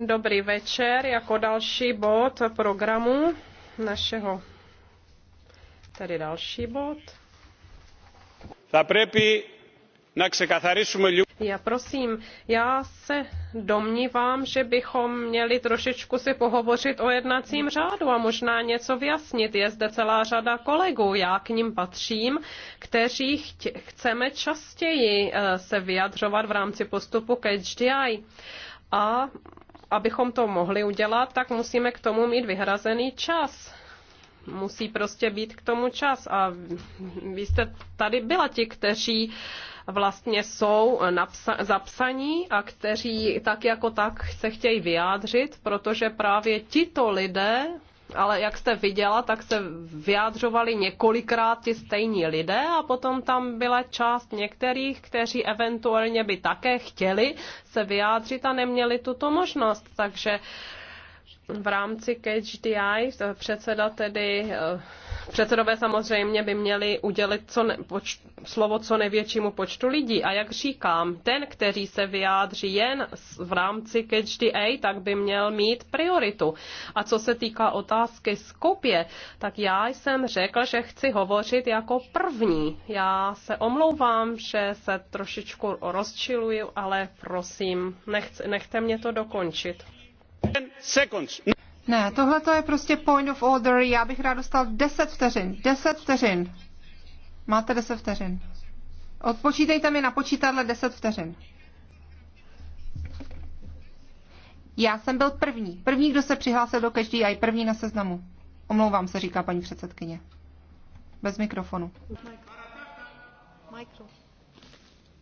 Dobrý večer. Jako další bod programu našeho, tedy další bod. Já prosím, já se domnívám, že bychom měli trošičku si pohovořit o jednacím řádu a možná něco vyjasnit. Je zde celá řada kolegů, já k ním patřím, kteří chceme častěji eh, se vyjadřovat v rámci postupu k HDI. A abychom to mohli udělat, tak musíme k tomu mít vyhrazený čas. Musí prostě být k tomu čas. A vy jste tady byla ti, kteří vlastně jsou napsa- zapsaní a kteří tak jako tak se chtějí vyjádřit, protože právě tito lidé ale jak jste viděla, tak se vyjádřovali několikrát ti stejní lidé a potom tam byla část některých, kteří eventuálně by také chtěli se vyjádřit a neměli tuto možnost. Takže v rámci CatchDI eh, předseda tedy eh, Předsedové samozřejmě by měli udělit co ne, poč, slovo co největšímu počtu lidí. A jak říkám, ten, který se vyjádří jen v rámci Catch the A, tak by měl mít prioritu. A co se týká otázky skupě, tak já jsem řekl, že chci hovořit jako první. Já se omlouvám, že se trošičku rozčiluju, ale prosím, nechce, nechte mě to dokončit. Ne, tohle to je prostě point of order. Já bych rád dostal 10 vteřin. 10 vteřin. Máte 10 vteřin. Odpočítejte mi na počítadle 10 vteřin. Já jsem byl první. První, kdo se přihlásil do každý a i první na seznamu. Omlouvám se, říká paní předsedkyně. Bez mikrofonu. Mikro. Mikro.